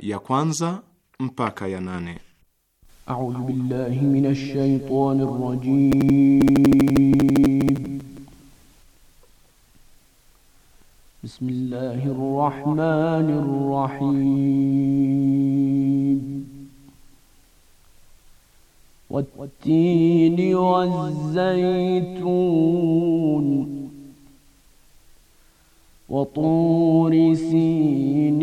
ya kwanza mpaka ya nane. A'udhu billahi minash shaitanir rajim. Bismillahir rahmanir rahim. والتين والزيتون وطور سينين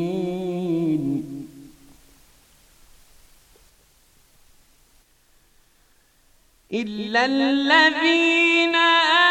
إلا الذين آمنوا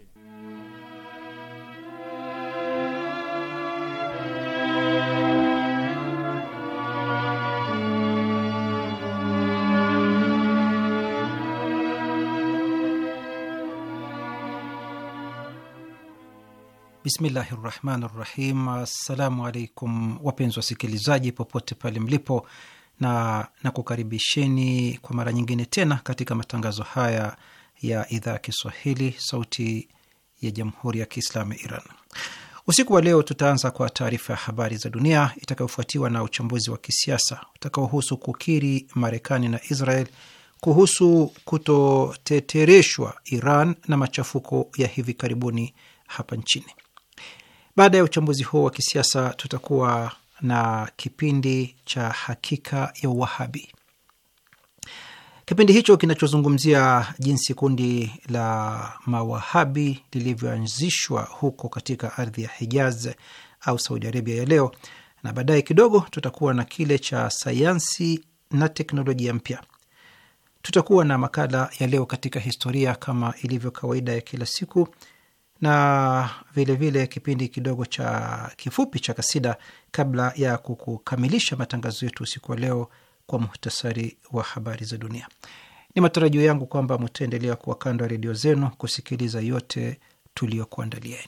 Bismillahi rahmani rahim. Assalamu alaikum wapenzi wasikilizaji popote pale mlipo, na nakukaribisheni kwa mara nyingine tena katika matangazo haya ya idhaa ya Kiswahili sauti ya jamhuri ya Kiislamu ya Iran. Usiku wa leo tutaanza kwa taarifa ya habari za dunia itakayofuatiwa na uchambuzi wa kisiasa utakaohusu kukiri Marekani na Israel kuhusu kutotetereshwa Iran na machafuko ya hivi karibuni hapa nchini. Baada ya uchambuzi huo wa kisiasa, tutakuwa na kipindi cha Hakika ya Uwahabi. Kipindi hicho kinachozungumzia jinsi kundi la mawahabi lilivyoanzishwa huko katika ardhi ya Hijaz au Saudi Arabia ya leo, na baadaye kidogo tutakuwa na kile cha sayansi na teknolojia mpya. Tutakuwa na makala ya leo katika historia kama ilivyo kawaida ya kila siku, na vilevile vile kipindi kidogo cha kifupi cha kasida kabla ya kukamilisha matangazo yetu usiku wa leo kwa muhtasari wa habari za dunia. Ni matarajio yangu kwamba mtaendelea kuwa kando ya redio zenu kusikiliza yote tuliyokuandalieni.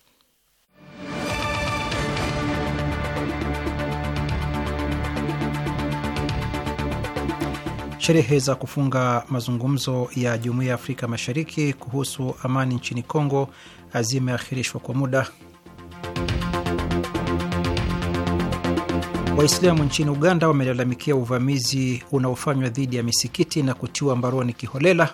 Sherehe za kufunga mazungumzo ya Jumuiya ya Afrika Mashariki kuhusu amani nchini Kongo zimeakhirishwa kwa muda. Waislamu nchini Uganda wamelalamikia uvamizi unaofanywa dhidi ya misikiti na kutiwa mbaroni kiholela.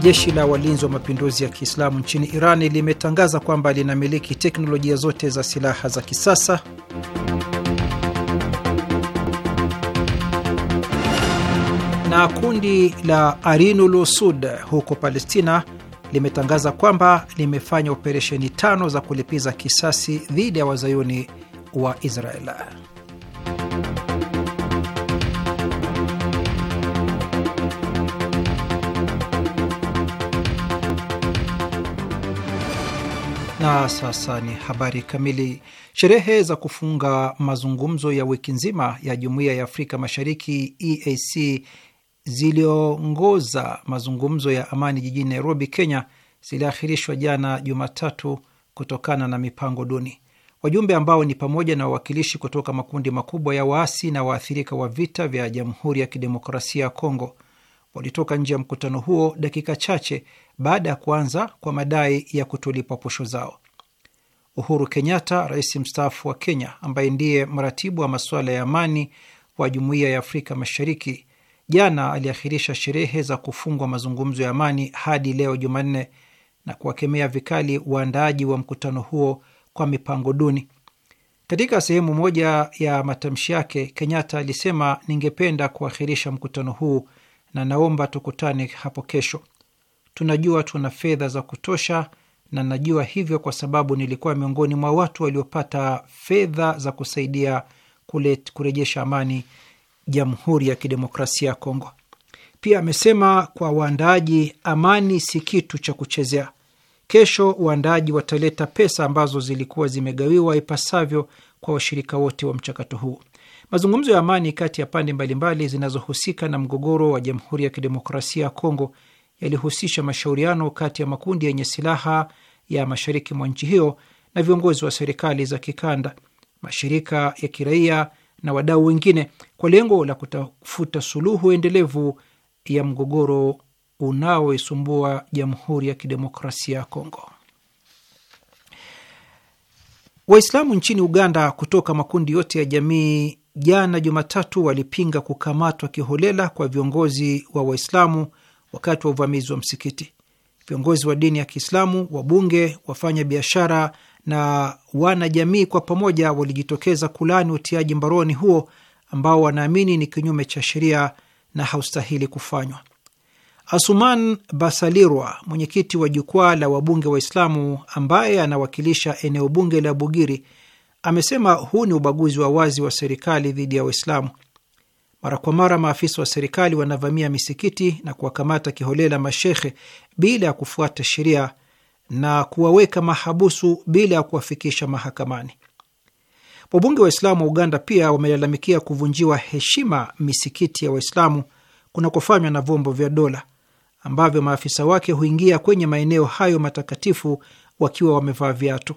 Jeshi la walinzi wa mapinduzi ya Kiislamu nchini Irani limetangaza kwamba linamiliki teknolojia zote za silaha za kisasa. na kundi la Arinul Usud huko Palestina limetangaza kwamba limefanya operesheni tano za kulipiza kisasi dhidi ya wazayuni wa Israel. Na sasa ni habari kamili. Sherehe za kufunga mazungumzo ya wiki nzima ya Jumuiya ya Afrika Mashariki EAC ziliongoza mazungumzo ya amani jijini Nairobi, Kenya, ziliahirishwa jana Jumatatu kutokana na mipango duni. Wajumbe ambao ni pamoja na wawakilishi kutoka makundi makubwa ya waasi na waathirika wa vita vya Jamhuri ya Kidemokrasia ya Kongo walitoka nje ya mkutano huo dakika chache baada ya kuanza kwa madai ya kutolipwa posho zao. Uhuru Kenyatta, rais mstaafu wa Kenya ambaye ndiye mratibu wa masuala ya amani wa Jumuiya ya Afrika Mashariki, jana aliahirisha sherehe za kufungwa mazungumzo ya amani hadi leo Jumanne na kuwakemea vikali waandaaji wa mkutano huo kwa mipango duni. Katika sehemu moja ya matamshi yake, Kenyatta alisema, ningependa kuahirisha mkutano huu na naomba tukutane hapo kesho. Tunajua tuna fedha za kutosha na najua hivyo kwa sababu nilikuwa miongoni mwa watu waliopata fedha za kusaidia kurejesha amani Jamhuri ya Kidemokrasia ya Kongo. Pia amesema kwa waandaaji, amani si kitu cha kuchezea. Kesho waandaaji wataleta pesa ambazo zilikuwa zimegawiwa ipasavyo kwa washirika wote wa mchakato huu. Mazungumzo ya amani kati ya pande mbalimbali zinazohusika na mgogoro wa Jamhuri ya Kidemokrasia ya Kongo yalihusisha mashauriano kati ya makundi yenye silaha ya mashariki mwa nchi hiyo na viongozi wa serikali za kikanda, mashirika ya kiraia na wadau wengine kwa lengo la kutafuta suluhu endelevu ya mgogoro unaoisumbua Jamhuri ya Kidemokrasia ya Kongo. Waislamu nchini Uganda kutoka makundi yote ya jamii jana Jumatatu walipinga kukamatwa kiholela kwa viongozi wa Waislamu wakati wa uvamizi wa msikiti. Viongozi wa dini ya Kiislamu, wabunge, wafanya biashara na wanajamii kwa pamoja walijitokeza kulani utiaji mbaroni huo ambao wanaamini ni kinyume cha sheria na haustahili kufanywa. Asuman Basalirwa, mwenyekiti wa jukwaa la wabunge Waislamu ambaye anawakilisha eneo bunge la Bugiri, amesema huu ni ubaguzi wa wazi wa serikali dhidi ya Waislamu. Mara kwa mara maafisa wa serikali wanavamia misikiti na kuwakamata kiholela mashehe bila ya kufuata sheria na kuwaweka mahabusu bila ya kuwafikisha mahakamani. Wabunge Islamu wa Uganda pia wamelalamikia kuvunjiwa heshima misikiti ya Waislamu kunakofanywa na vyombo vya dola ambavyo maafisa wake huingia kwenye maeneo hayo matakatifu wakiwa wamevaa viatu.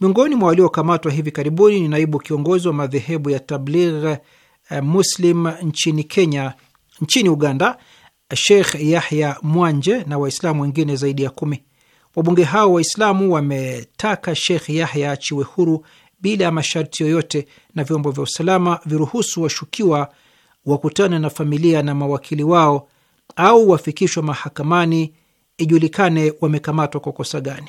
Miongoni mwa waliokamatwa hivi karibuni ni naibu kiongozi wa madhehebu ya Tabligh eh, Muslim nchini Kenya, nchini Uganda, Sheikh Yahya Mwanje na Waislamu wengine zaidi ya kumi. Wabunge hao Waislamu wametaka Sheikh Yahya achiwe huru bila ya masharti yoyote, na vyombo vya usalama viruhusu washukiwa wakutane na familia na mawakili wao au wafikishwe mahakamani ijulikane wamekamatwa kwa kosa gani.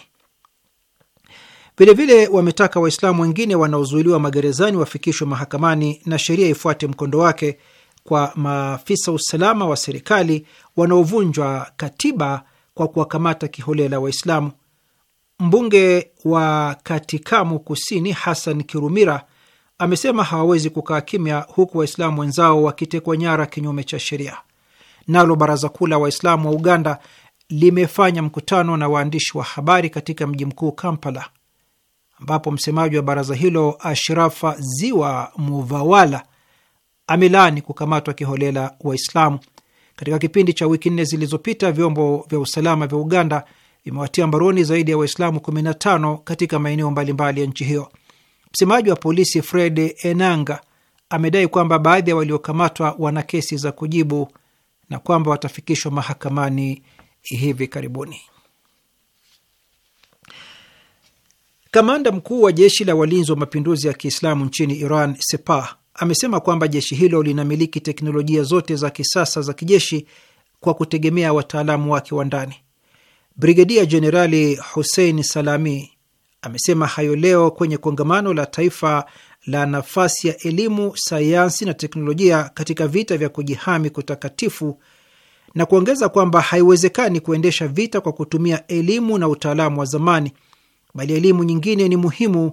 Vilevile wametaka Waislamu wengine wanaozuiliwa magerezani wafikishwe mahakamani na sheria ifuate mkondo wake kwa maafisa usalama wa serikali wanaovunjwa katiba kwa kuwakamata kiholela Waislamu. Mbunge wa Katikamu Kusini Hassan Kirumira amesema hawawezi kukaa kimya huku Waislamu wenzao wakitekwa nyara kinyume cha sheria. Nalo Baraza Kuu la Waislamu wa Uganda limefanya mkutano na waandishi wa habari katika mji mkuu Kampala, ambapo msemaji wa baraza hilo Ashrafa Ziwa Muvawala amelaani kukamatwa kiholela Waislamu katika kipindi cha wiki nne zilizopita, vyombo vya usalama vya Uganda vimewatia mbaroni zaidi ya Waislamu 15 katika maeneo mbalimbali ya nchi hiyo. Msemaji wa polisi Fred Enanga amedai kwamba baadhi ya waliokamatwa wana kesi za kujibu na kwamba watafikishwa mahakamani hivi karibuni. Kamanda mkuu wa jeshi la walinzi wa mapinduzi ya Kiislamu nchini Iran, Sepah, amesema kwamba jeshi hilo linamiliki teknolojia zote za kisasa za kijeshi kwa kutegemea wataalamu wake wa ndani. Brigedia Jenerali Hussein Salami amesema hayo leo kwenye kongamano la taifa la nafasi ya elimu, sayansi na teknolojia katika vita vya kujihami kutakatifu na kuongeza kwamba haiwezekani kuendesha vita kwa kutumia elimu na utaalamu wa zamani, bali elimu nyingine ni muhimu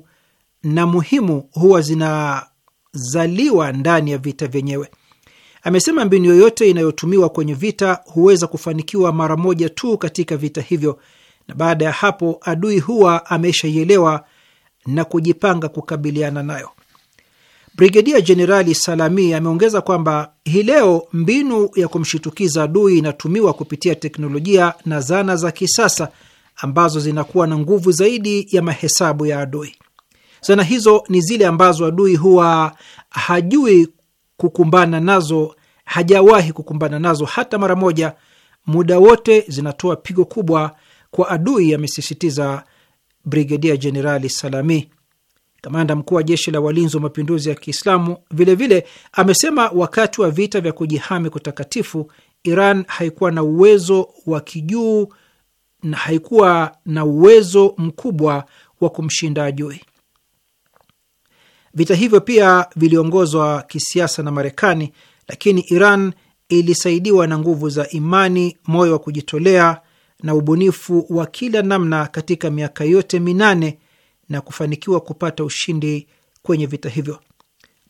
na muhimu huwa zina zaliwa ndani ya vita vyenyewe. Amesema mbinu yoyote inayotumiwa kwenye vita huweza kufanikiwa mara moja tu katika vita hivyo, na baada ya hapo adui huwa ameshaielewa na kujipanga kukabiliana nayo. Brigedia Jenerali Salami ameongeza kwamba hii leo mbinu ya kumshitukiza adui inatumiwa kupitia teknolojia na zana za kisasa ambazo zinakuwa na nguvu zaidi ya mahesabu ya adui. Zana hizo ni zile ambazo adui huwa hajui kukumbana nazo, hajawahi kukumbana nazo hata mara moja. Muda wote zinatoa pigo kubwa kwa adui, amesisitiza Brigedia Jenerali Salami, kamanda mkuu wa jeshi la walinzi wa mapinduzi ya Kiislamu. Vilevile amesema wakati wa vita vya kujihami kutakatifu Iran haikuwa na uwezo wa kijuu na haikuwa na uwezo mkubwa wa kumshinda adui. Vita hivyo pia viliongozwa kisiasa na Marekani, lakini Iran ilisaidiwa na nguvu za imani, moyo wa kujitolea na ubunifu wa kila namna katika miaka yote minane na kufanikiwa kupata ushindi kwenye vita hivyo.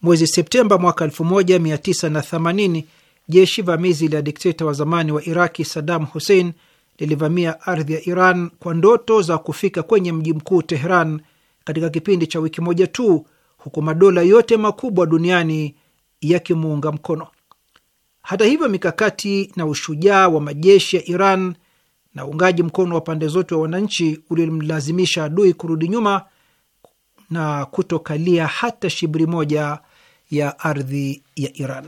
Mwezi Septemba mwaka 1980 jeshi vamizi la dikteta wa zamani wa Iraki Saddam Hussein lilivamia ardhi ya Iran kwa ndoto za kufika kwenye mji mkuu Tehran katika kipindi cha wiki moja tu huku madola yote makubwa duniani yakimuunga mkono. Hata hivyo, mikakati na ushujaa wa majeshi ya Iran na uungaji mkono wa pande zote wa wananchi ulimlazimisha adui kurudi nyuma na kutokalia hata shibiri moja ya ardhi ya Iran.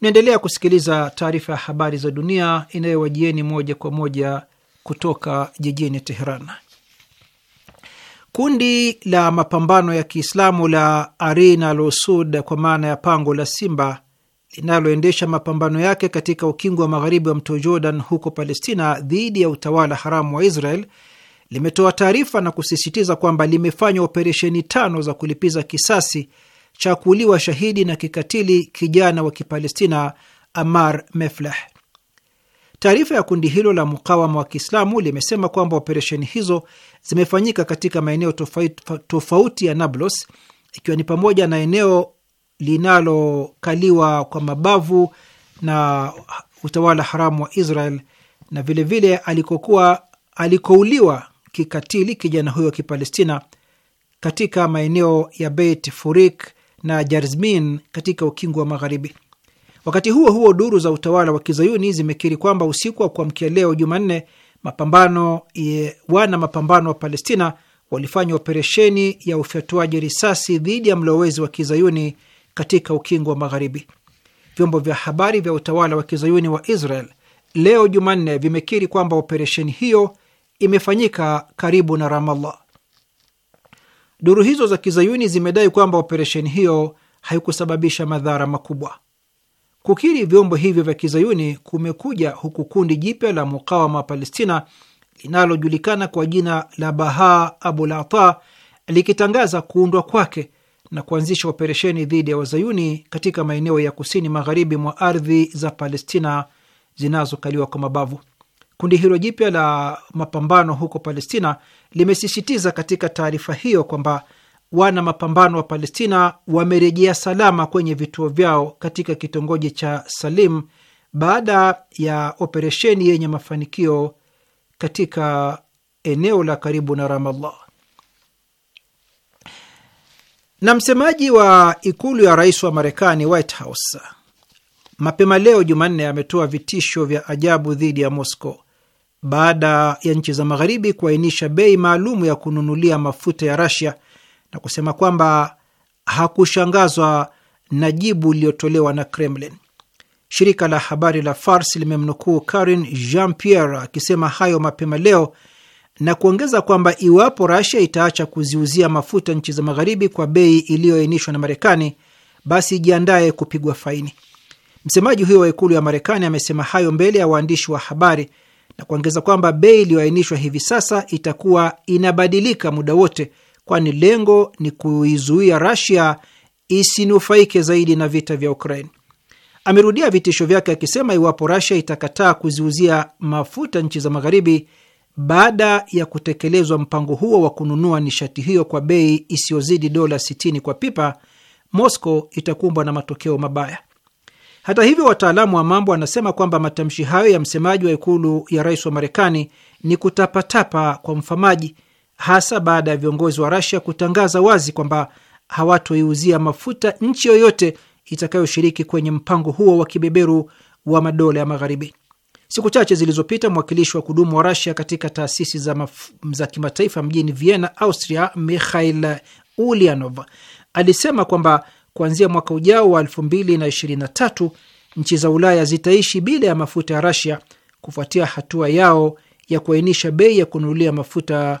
Mnaendelea kusikiliza taarifa ya habari za dunia inayowajieni moja kwa moja kutoka jijini Teheran. Kundi la mapambano ya Kiislamu la Arina Losud, kwa maana ya pango la simba, linaloendesha mapambano yake katika ukingo wa magharibi wa mto Jordan huko Palestina dhidi ya utawala haramu wa Israel limetoa taarifa na kusisitiza kwamba limefanya operesheni tano za kulipiza kisasi cha kuuliwa shahidi na kikatili kijana wa Kipalestina Amar Mefleh. Taarifa ya kundi hilo la mukawama wa Kiislamu limesema kwamba operesheni hizo zimefanyika katika maeneo tofauti ya Nablus, ikiwa ni pamoja na eneo linalokaliwa kwa mabavu na utawala haramu wa Israel na vilevile vile alikokuwa alikouliwa kikatili kijana huyo wa Kipalestina katika maeneo ya Beit Furik na Jarzmin katika ukingo wa Magharibi. Wakati huo huo, duru za utawala wa kizayuni zimekiri kwamba usiku wa kuamkia leo Jumanne, mapambano ye, wana mapambano wa Palestina walifanya operesheni ya ufyatuaji risasi dhidi ya mlowezi wa kizayuni katika ukingo wa Magharibi. Vyombo vya habari vya utawala wa kizayuni wa Israel leo Jumanne vimekiri kwamba operesheni hiyo imefanyika karibu na Ramallah. Duru hizo za kizayuni zimedai kwamba operesheni hiyo haikusababisha madhara makubwa. Kukiri vyombo hivyo vya kizayuni kumekuja huku kundi jipya la mukawama Palestina linalojulikana kwa jina la Baha Abul Ata likitangaza kuundwa kwake na kuanzisha operesheni dhidi ya wazayuni katika maeneo ya kusini magharibi mwa ardhi za Palestina zinazokaliwa kwa mabavu. Kundi hilo jipya la mapambano huko Palestina limesisitiza katika taarifa hiyo kwamba wana mapambano wa Palestina wamerejea salama kwenye vituo vyao katika kitongoji cha Salim baada ya operesheni yenye mafanikio katika eneo la karibu na Ramallah. Na msemaji wa ikulu ya rais wa Marekani, White House, mapema leo Jumanne ametoa vitisho vya ajabu dhidi ya Moscow baada ya nchi za magharibi kuainisha bei maalumu ya kununulia mafuta ya Rasia na kusema kwamba hakushangazwa na jibu lililotolewa na Kremlin. Shirika la habari la Fars limemnukuu Karin Jean Pierre akisema hayo mapema leo na kuongeza kwamba iwapo Rasia itaacha kuziuzia mafuta nchi za magharibi kwa bei iliyoainishwa na Marekani, basi ijiandaye kupigwa faini. Msemaji huyo wa ikulu ya Marekani amesema hayo mbele ya waandishi wa habari na kuongeza kwamba bei iliyoainishwa hivi sasa itakuwa inabadilika muda wote kwani lengo ni kuizuia Rasia isinufaike zaidi na vita vya Ukraine. Amerudia vitisho vyake akisema iwapo Rasia itakataa kuziuzia mafuta nchi za Magharibi baada ya kutekelezwa mpango huo wa kununua nishati hiyo kwa bei isiyozidi dola 60 kwa pipa, Moscow itakumbwa na matokeo mabaya. Hata hivyo, wataalamu wa mambo wanasema kwamba matamshi hayo ya msemaji wa ikulu ya rais wa Marekani ni kutapatapa kwa mfamaji hasa baada ya viongozi wa Rasia kutangaza wazi kwamba hawatoiuzia mafuta nchi yoyote itakayoshiriki kwenye mpango huo wa kibeberu wa madola ya Magharibi. Siku chache zilizopita mwakilishi wa kudumu wa Rasia katika taasisi za, za kimataifa mjini Vienna, Austria, Mikhail Ulianov alisema kwamba kuanzia mwaka ujao wa 2023 nchi za Ulaya zitaishi bila ya mafuta ya Rasia kufuatia hatua yao ya kuainisha bei ya kununulia mafuta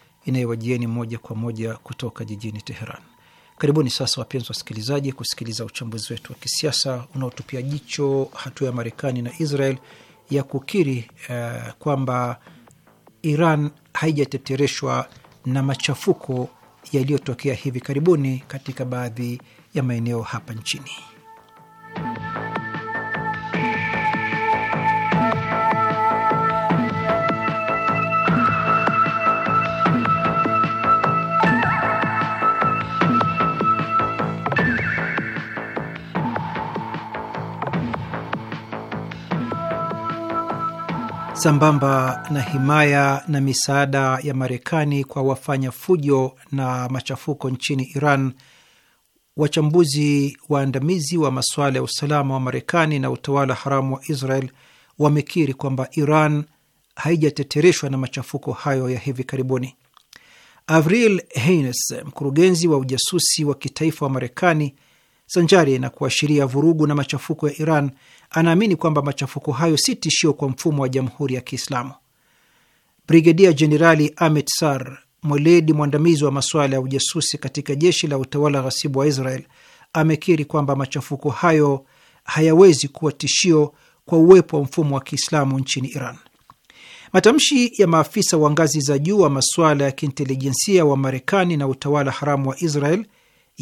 inayowajieni moja kwa moja kutoka jijini Teheran. Karibuni sasa, wapenzi wasikilizaji, kusikiliza uchambuzi wetu wa kisiasa unaotupia jicho hatua ya Marekani na Israel ya kukiri uh, kwamba Iran haijatetereshwa na machafuko yaliyotokea hivi karibuni katika baadhi ya maeneo hapa nchini. sambamba na himaya na misaada ya Marekani kwa wafanya fujo na machafuko nchini Iran. Wachambuzi waandamizi wa masuala ya usalama wa Marekani na utawala haramu wa Israel wamekiri kwamba Iran haijatetereshwa na machafuko hayo ya hivi karibuni. Avril Haines, mkurugenzi wa ujasusi wa kitaifa wa Marekani, sanjari na kuashiria vurugu na machafuko ya Iran, anaamini kwamba machafuko hayo si tishio kwa mfumo wa jamhuri ya Kiislamu. Brigedia Jenerali Amit Sar, mweledi mwandamizi wa masuala ya ujasusi katika jeshi la utawala ghasibu wa Israel, amekiri kwamba machafuko hayo hayawezi kuwa tishio kwa uwepo wa mfumo wa Kiislamu nchini Iran. Matamshi ya maafisa wa ngazi za juu wa masuala ya kiintelijensia wa Marekani na utawala haramu wa Israel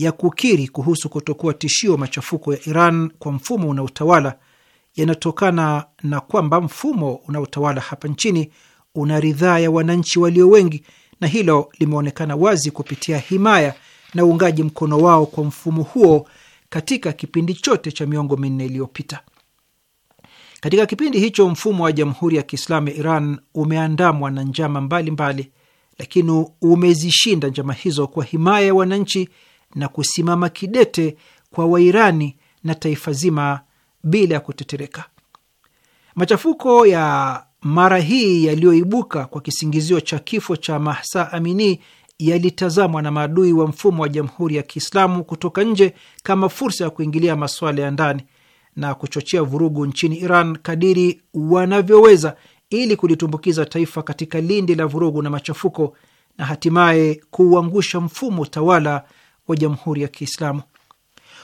ya kukiri kuhusu kutokuwa tishio machafuko ya Iran kwa mfumo unaotawala yanatokana na kwamba mfumo unaotawala hapa nchini una ridhaa ya wananchi walio wengi, na hilo limeonekana wazi kupitia himaya na uungaji mkono wao kwa mfumo huo katika kipindi chote cha miongo minne iliyopita. Katika kipindi hicho mfumo wa Jamhuri ya Kiislamu ya Iran umeandamwa na njama mbalimbali mbali, lakini umezishinda njama hizo kwa himaya ya wananchi na kusimama kidete kwa Wairani na taifa zima bila ya kutetereka. Machafuko ya mara hii yaliyoibuka kwa kisingizio cha kifo cha Mahsa Amini yalitazamwa na maadui wa mfumo wa Jamhuri ya Kiislamu kutoka nje kama fursa ya kuingilia masuala ya ndani na kuchochea vurugu nchini Iran kadiri wanavyoweza ili kulitumbukiza taifa katika lindi la vurugu na machafuko na hatimaye kuuangusha mfumo tawala wa Jamhuri ya Kiislamu.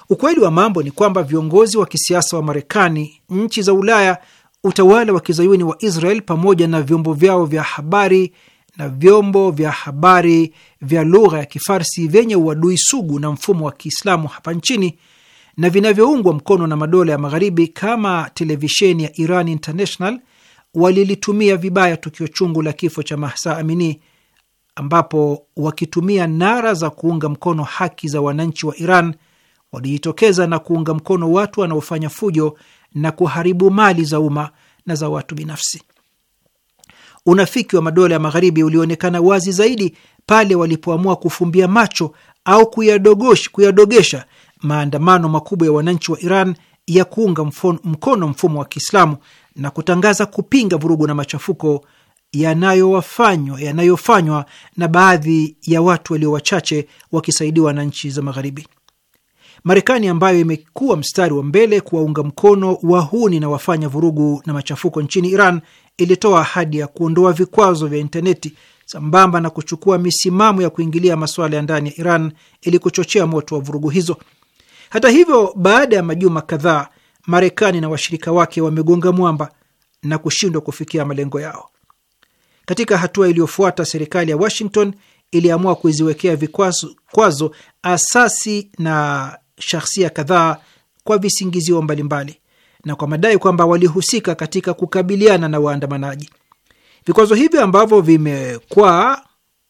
Ukweli wa mambo ni kwamba viongozi wa kisiasa wa Marekani, nchi za Ulaya, utawala wa kizayuni wa Israel pamoja na vyombo vyao vya habari na vyombo vya habari vya lugha ya Kifarsi vyenye uadui sugu na mfumo wa Kiislamu hapa nchini na vinavyoungwa mkono na madola ya Magharibi kama televisheni ya Iran International walilitumia vibaya tukio chungu la kifo cha Mahsa Amini ambapo wakitumia nara za kuunga mkono haki za wananchi wa Iran walijitokeza na kuunga mkono watu wanaofanya fujo na kuharibu mali za umma na za watu binafsi. Unafiki wa madola ya Magharibi ulionekana wazi zaidi pale walipoamua kufumbia macho au kuyadogosh, kuyadogesha maandamano makubwa ya wananchi wa Iran ya kuunga mfono, mkono mfumo wa Kiislamu na kutangaza kupinga vurugu na machafuko yanayowafanywa yanayofanywa na baadhi ya watu walio wachache wakisaidiwa na nchi za Magharibi. Marekani ambayo imekuwa mstari wa mbele kuwaunga mkono wahuni na wafanya vurugu na machafuko nchini Iran ilitoa ahadi ya kuondoa vikwazo vya intaneti sambamba na kuchukua misimamo ya kuingilia masuala ya ndani ya Iran ili kuchochea moto wa vurugu hizo. Hata hivyo, baada ya majuma kadhaa, Marekani na washirika wake wamegonga mwamba na kushindwa kufikia malengo yao. Katika hatua iliyofuata, serikali ya Washington iliamua kuziwekea vikwazo asasi na shahsia kadhaa kwa visingizio mbalimbali na kwa madai kwamba walihusika katika kukabiliana na waandamanaji. Vikwazo hivyo ambavyo vimekwa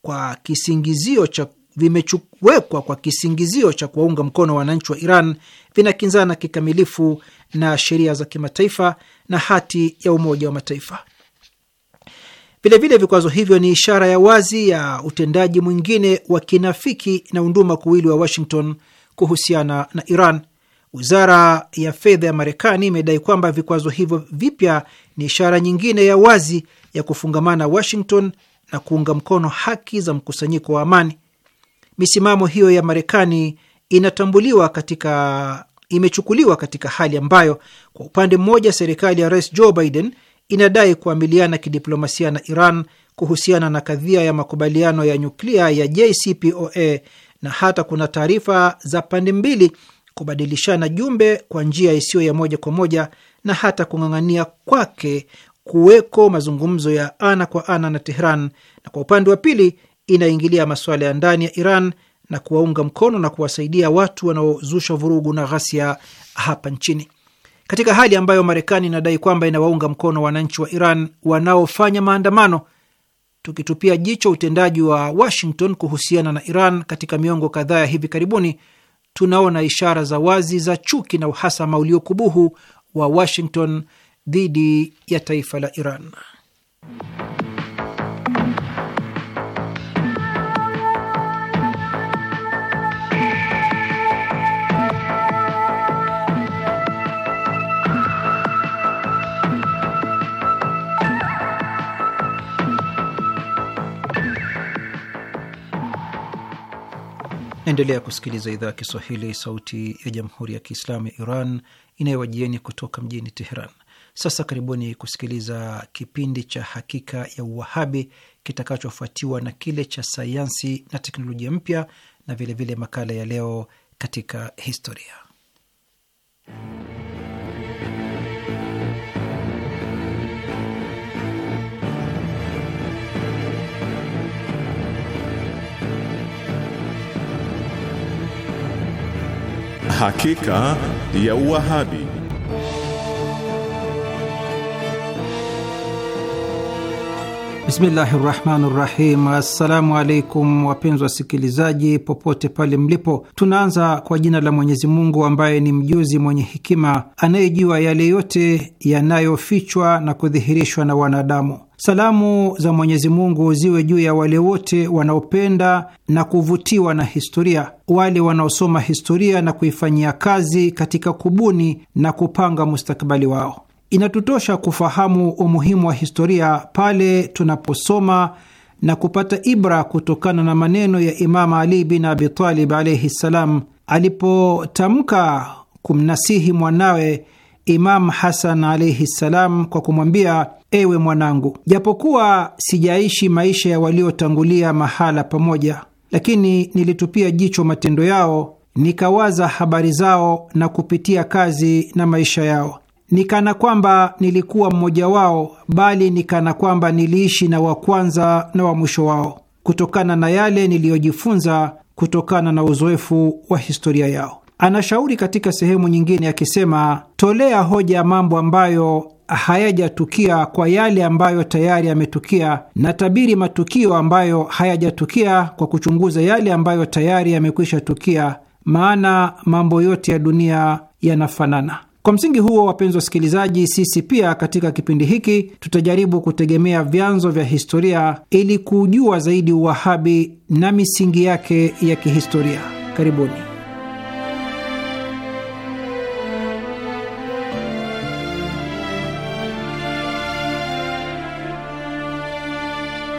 kwa kisingizio cha vimewekwa kwa kisingizio cha kuwaunga mkono wananchi wa Iran vinakinzana kikamilifu na sheria za kimataifa na hati ya Umoja wa Mataifa. Vilevile vikwazo hivyo ni ishara ya wazi ya utendaji mwingine wa kinafiki na unduma kuwili wa Washington kuhusiana na Iran. Wizara ya fedha ya Marekani imedai kwamba vikwazo hivyo vipya ni ishara nyingine ya wazi ya kufungamana Washington na kuunga mkono haki za mkusanyiko wa amani. Misimamo hiyo ya Marekani inatambuliwa katika, imechukuliwa katika hali ambayo kwa upande mmoja serikali ya Rais Joe Biden inadai kuamiliana kidiplomasia na Iran kuhusiana na kadhia ya makubaliano ya nyuklia ya JCPOA na hata kuna taarifa za pande mbili kubadilishana jumbe kwa njia isiyo ya moja kwa moja na hata kung'ang'ania kwake kuweko mazungumzo ya ana kwa ana na Tehran, na kwa upande wa pili inaingilia masuala ya ndani ya Iran na kuwaunga mkono na kuwasaidia watu wanaozusha vurugu na ghasia hapa nchini katika hali ambayo Marekani inadai kwamba inawaunga mkono wananchi wa Iran wanaofanya maandamano. Tukitupia jicho utendaji wa Washington kuhusiana na Iran katika miongo kadhaa ya hivi karibuni, tunaona ishara za wazi za chuki na uhasama uliokubuhu wa Washington dhidi ya taifa la Iran. Naendelea kusikiliza idhaa ya Kiswahili, sauti ya jamhuri ya kiislamu ya Iran inayowajieni kutoka mjini Teheran. Sasa karibuni kusikiliza kipindi cha Hakika ya Uwahabi kitakachofuatiwa na kile cha sayansi na teknolojia mpya na vilevile vile makala ya leo katika historia. hakika ya uahadi. Bismillahi rahmani rahim. Assalamu alaikum wapenzi wasikilizaji popote pale mlipo, tunaanza kwa jina la Mwenyezi Mungu ambaye ni mjuzi mwenye hekima, anayejua yale yote yanayofichwa na kudhihirishwa na wanadamu. Salamu za Mwenyezi Mungu ziwe juu ya wale wote wanaopenda na kuvutiwa na historia, wale wanaosoma historia na kuifanyia kazi katika kubuni na kupanga mustakabali wao inatutosha kufahamu umuhimu wa historia pale tunaposoma na kupata ibra kutokana na maneno ya Imamu Ali bin Abi Talib alaihi ssalam alipotamka kumnasihi mwanawe Imam Hasan alaihi ssalam kwa kumwambia, ewe mwanangu, japokuwa sijaishi maisha ya waliotangulia mahala pamoja, lakini nilitupia jicho matendo yao, nikawaza habari zao na kupitia kazi na maisha yao nikana kwamba nilikuwa mmoja wao, bali nikana kwamba niliishi na wa kwanza na wa mwisho wao, kutokana na yale niliyojifunza kutokana na uzoefu wa historia yao. Anashauri katika sehemu nyingine akisema, tolea hoja ya mambo ambayo hayajatukia kwa yale ambayo tayari yametukia, na tabiri matukio ambayo hayajatukia kwa kuchunguza yale ambayo tayari yamekwisha tukia, maana mambo yote ya dunia yanafanana. Kwa msingi huo, wapenzi wasikilizaji, sisi pia katika kipindi hiki tutajaribu kutegemea vyanzo vya historia ili kujua zaidi Uwahabi na misingi yake ya kihistoria. Karibuni.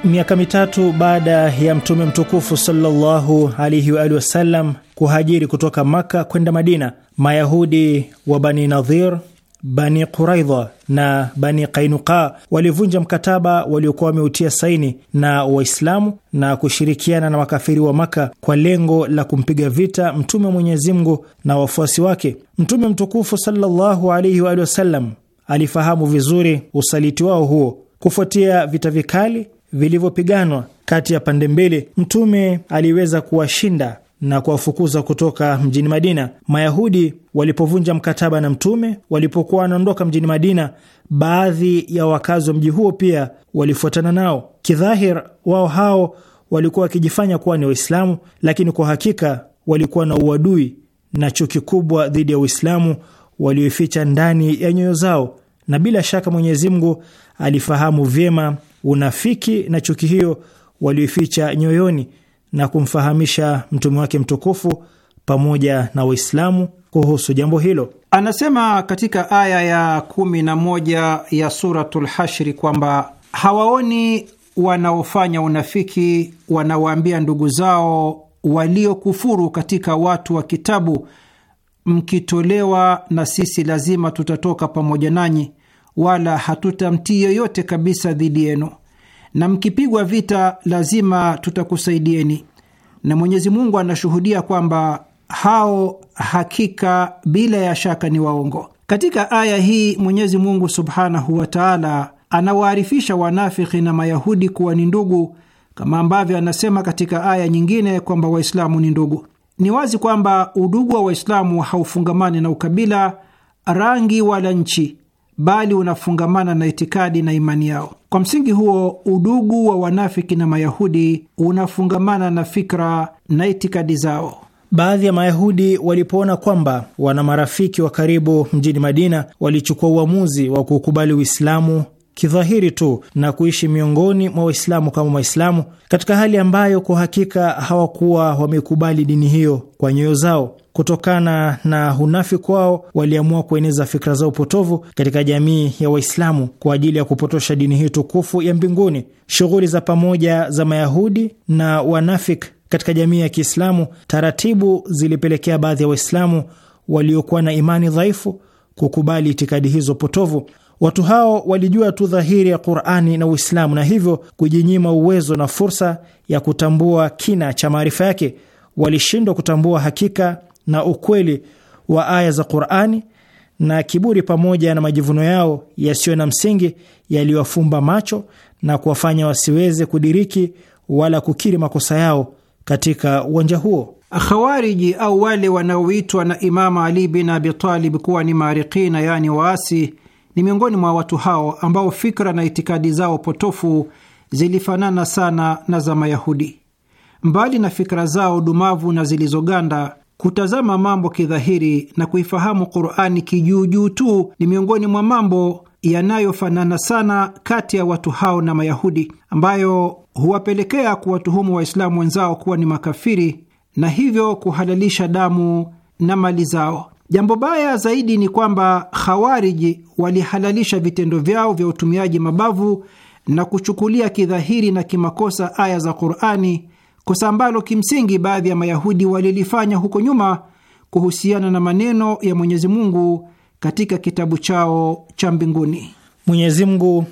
Miaka mitatu baada ya Mtume mtukufu sallallahu alaihi wa alihi wasallam kuhajiri kutoka Makka kwenda Madina. Mayahudi wa Bani Nadhir, Bani Quraidha na Bani Qainuqa walivunja mkataba waliokuwa wameutia saini na Waislamu na kushirikiana na makafiri wa Maka kwa lengo la kumpiga vita Mtume wa Mwenyezi Mungu na wafuasi wake. Mtume mtukufu sallallahu alaihi wa wasallam alifahamu vizuri usaliti wao huo. Kufuatia vita vikali vilivyopiganwa kati ya pande mbili, Mtume aliweza kuwashinda na kuwafukuza kutoka mjini Madina. Mayahudi walipovunja mkataba na Mtume walipokuwa wanaondoka mjini Madina, baadhi ya wakazi wa mji huo pia walifuatana nao. Kidhahir, wao hao walikuwa wakijifanya kuwa ni Waislamu, lakini kwa hakika walikuwa na uadui na chuki kubwa dhidi ya Uislamu walioificha ndani ya nyoyo zao, na bila shaka Mwenyezi Mungu alifahamu vyema unafiki na chuki hiyo walioificha nyoyoni na kumfahamisha mtume wake mtukufu pamoja na Waislamu kuhusu jambo hilo. Anasema katika aya ya kumi na moja ya Suratul Hashri kwamba hawaoni wanaofanya unafiki wanawaambia ndugu zao waliokufuru katika watu wa Kitabu, mkitolewa na sisi lazima tutatoka pamoja nanyi, wala hatutamtii yoyote kabisa dhidi yenu na mkipigwa vita lazima tutakusaidieni, na Mwenyezi Mungu anashuhudia kwamba hao hakika bila ya shaka ni waongo. Katika aya hii Mwenyezi Mungu subhanahu wa taala anawaarifisha wanafiki na Mayahudi kuwa ni ndugu, kama ambavyo anasema katika aya nyingine kwamba Waislamu ni ndugu. Ni wazi kwamba udugu wa Waislamu haufungamani na ukabila, rangi wala nchi bali unafungamana na itikadi na imani yao. Kwa msingi huo, udugu wa wanafiki na Mayahudi unafungamana na fikra na itikadi zao. Baadhi ya Mayahudi walipoona kwamba wana marafiki wa karibu mjini Madina, walichukua uamuzi wa kuukubali Uislamu kidhahiri tu na kuishi miongoni mwa Waislamu kama Waislamu, katika hali ambayo kwa hakika hawakuwa wamekubali dini hiyo kwa nyoyo zao kutokana na unafiki wao waliamua kueneza fikra zao potovu katika jamii ya Waislamu kwa ajili ya kupotosha dini hii tukufu ya mbinguni. Shughuli za pamoja za Mayahudi na wanafik katika jamii ya Kiislamu taratibu zilipelekea baadhi ya Waislamu waliokuwa na imani dhaifu kukubali itikadi hizo potovu. Watu hao walijua tu dhahiri ya Qur'ani na Uislamu na hivyo kujinyima uwezo na fursa ya kutambua kina cha maarifa yake. Walishindwa kutambua hakika na ukweli wa aya za Qur'ani na kiburi pamoja na majivuno yao yasiyo na msingi yaliwafumba macho na kuwafanya wasiweze kudiriki wala kukiri makosa yao katika uwanja huo. Khawariji au wale wanaoitwa na Imamu Ali bin Abi Talib kuwa ni maarikina, yaani waasi, ni miongoni mwa watu hao ambao fikra na itikadi zao potofu zilifanana sana na za Mayahudi. Mbali na fikra zao dumavu na zilizoganda, Kutazama mambo kidhahiri na kuifahamu Qur'ani kijuujuu tu ni miongoni mwa mambo yanayofanana sana kati ya watu hao na Mayahudi, ambayo huwapelekea kuwatuhumu Waislamu wenzao kuwa ni makafiri na hivyo kuhalalisha damu na mali zao. Jambo baya zaidi ni kwamba Khawariji walihalalisha vitendo vyao vya utumiaji mabavu na kuchukulia kidhahiri na kimakosa aya za Qur'ani kosa ambalo kimsingi baadhi ya Mayahudi walilifanya huko nyuma kuhusiana na maneno ya Mwenyezi Mungu katika kitabu chao cha mbinguni. Mwenyezi Mungu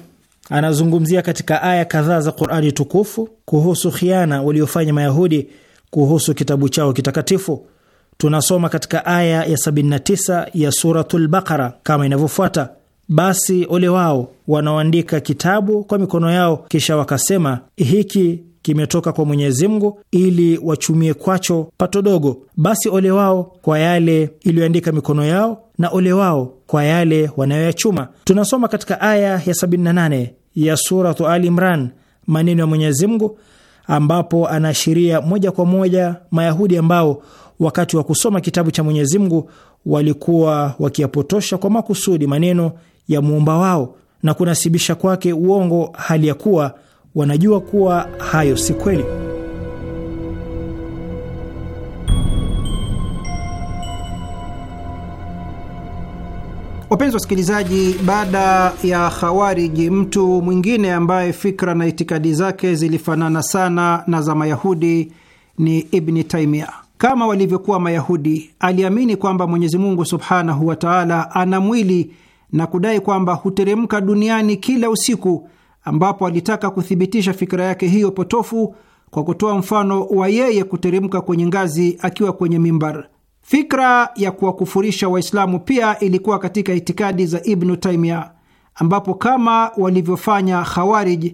anazungumzia katika aya kadhaa za Qur'ani tukufu kuhusu khiana waliofanya Mayahudi kuhusu kitabu chao kitakatifu. Tunasoma katika aya ya 79 ya suratul Baqara kama inavyofuata: basi ole wao wanaoandika kitabu kwa mikono yao, kisha wakasema hiki kimetoka kwa Mwenyezi Mungu ili wachumie kwacho pato dogo, basi ole wao kwa yale iliyoandika mikono yao na ole wao kwa yale wanayoyachuma. Tunasoma katika aya ya 78 ya suratu Ali Imran maneno ya Mwenyezi Mungu ambapo anaashiria moja kwa moja Mayahudi ambao wakati wa kusoma kitabu cha Mwenyezi Mungu walikuwa wakiyapotosha kwa makusudi maneno ya muumba wao na kunasibisha kwake uongo hali ya kuwa wanajua kuwa hayo si kweli. Wapenzi wasikilizaji, baada ya Khawariji, mtu mwingine ambaye fikra na itikadi zake zilifanana sana na za Mayahudi ni Ibni Taimia. Kama walivyokuwa Mayahudi, aliamini kwamba Mwenyezi Mungu subhanahu wa taala ana mwili na kudai kwamba huteremka duniani kila usiku ambapo alitaka kuthibitisha fikra yake hiyo potofu kwa kutoa mfano wa yeye kuteremka kwenye ngazi akiwa kwenye mimbar. Fikra ya kuwakufurisha Waislamu pia ilikuwa katika itikadi za Ibnu Taimia, ambapo kama walivyofanya Khawarij,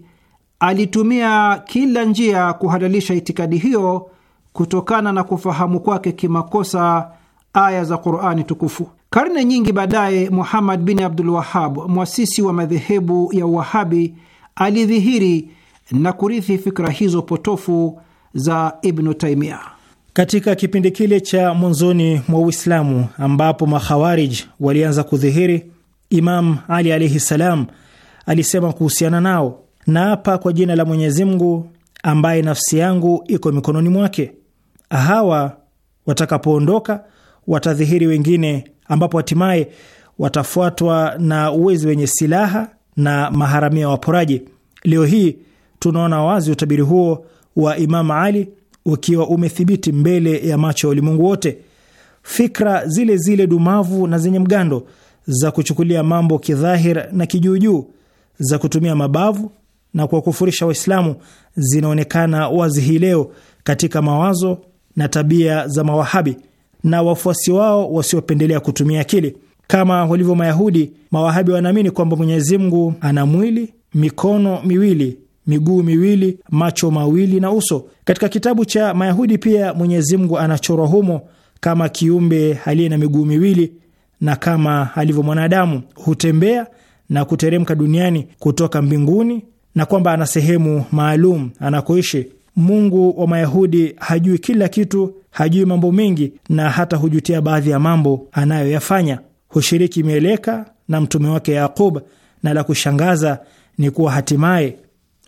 alitumia kila njia kuhalalisha itikadi hiyo kutokana na kufahamu kwake kimakosa aya za Qurani tukufu. Karne nyingi baadaye, Muhammad bin Abdul Wahab, mwasisi wa madhehebu ya Uwahabi, alidhihiri na kurithi fikra hizo potofu za Ibnu Taimia katika kipindi kile cha mwanzoni mwa Uislamu ambapo makhawarij walianza kudhihiri. Imam Ali alaihi salam alisema kuhusiana nao, naapa kwa jina la Mwenyezi Mungu ambaye nafsi yangu iko mikononi mwake, hawa watakapoondoka watadhihiri wengine, ambapo hatimaye watafuatwa na uwezi wenye silaha na maharamia waporaji. Leo hii tunaona wazi utabiri huo wa Imam Ali ukiwa umethibiti mbele ya macho ya ulimwengu wote. Fikra zile zile dumavu na zenye mgando za kuchukulia mambo kidhahir na kijuujuu, za kutumia mabavu na kuwakufurisha Waislamu zinaonekana wazi hii leo katika mawazo na tabia za mawahabi na wafuasi wao wasiopendelea kutumia akili. Kama walivyo Mayahudi, Mawahabi wanaamini kwamba Mwenyezi Mungu ana mwili, mikono miwili, miguu miwili, macho mawili na uso. Katika kitabu cha Mayahudi pia Mwenyezi Mungu anachorwa humo kama kiumbe aliye na miguu miwili na kama alivyo mwanadamu, hutembea na kuteremka duniani kutoka mbinguni na kwamba ana sehemu maalum anakoishi. Mungu wa Mayahudi hajui kila kitu, hajui mambo mengi na hata hujutia baadhi ya mambo anayoyafanya hushiriki mieleka na mtume wake Yaqub, na la kushangaza ni kuwa hatimaye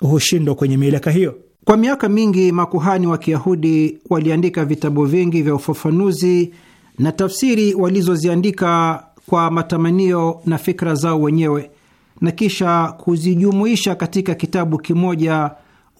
hushindwa kwenye mieleka hiyo. Kwa miaka mingi makuhani wa Kiyahudi waliandika vitabu vingi vya ufafanuzi na tafsiri walizoziandika kwa matamanio na fikra zao wenyewe na kisha kuzijumuisha katika kitabu kimoja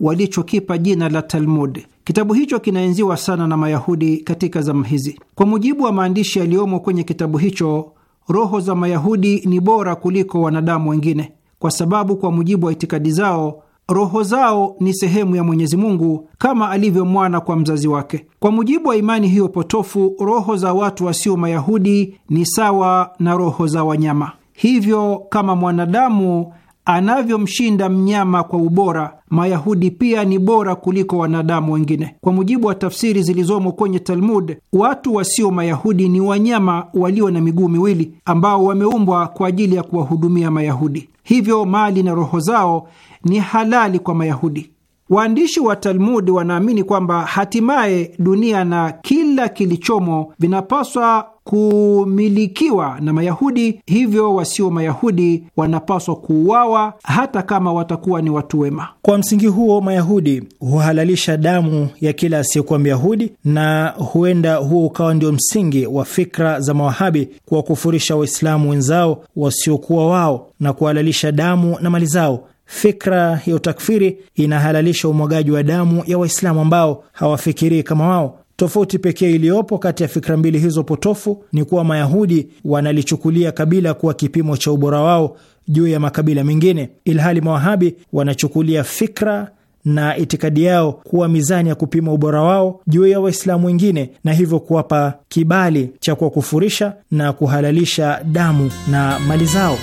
walichokipa jina la Talmud. Kitabu hicho kinaenziwa sana na Mayahudi katika zama hizi. Kwa mujibu wa maandishi yaliyomo kwenye kitabu hicho, roho za Mayahudi ni bora kuliko wanadamu wengine, kwa sababu kwa mujibu wa itikadi zao roho zao ni sehemu ya Mwenyezi Mungu kama alivyo mwana kwa mzazi wake. Kwa mujibu wa imani hiyo potofu, roho za watu wasio Mayahudi ni sawa na roho za wanyama. Hivyo kama mwanadamu anavyomshinda mnyama kwa ubora, Mayahudi pia ni bora kuliko wanadamu wengine. Kwa mujibu wa tafsiri zilizomo kwenye Talmud, watu wasio Mayahudi ni wanyama walio na miguu miwili ambao wameumbwa kwa ajili ya kuwahudumia Mayahudi, hivyo mali na roho zao ni halali kwa Mayahudi. Waandishi wa Talmud wanaamini kwamba hatimaye dunia na kila kilichomo vinapaswa kumilikiwa na Mayahudi, hivyo wasio Mayahudi wanapaswa kuuawa hata kama watakuwa ni watu wema. Kwa msingi huo, Mayahudi huhalalisha damu ya kila asiyekuwa Myahudi, na huenda huo ukawa ndio msingi wa fikra za Mawahabi kwa kufurisha Waislamu wenzao wasiokuwa wao na kuhalalisha damu na mali zao. Fikra ya utakfiri inahalalisha umwagaji wa damu ya Waislamu ambao hawafikirii kama wao. Tofauti pekee iliyopo kati ya fikra mbili hizo potofu ni kuwa Mayahudi wanalichukulia kabila kuwa kipimo cha ubora wao juu ya makabila mengine, ilhali Mawahabi wanachukulia fikra na itikadi yao kuwa mizani ya kupima ubora wao juu ya Waislamu wengine na hivyo kuwapa kibali cha kuwakufurisha na kuhalalisha damu na mali zao.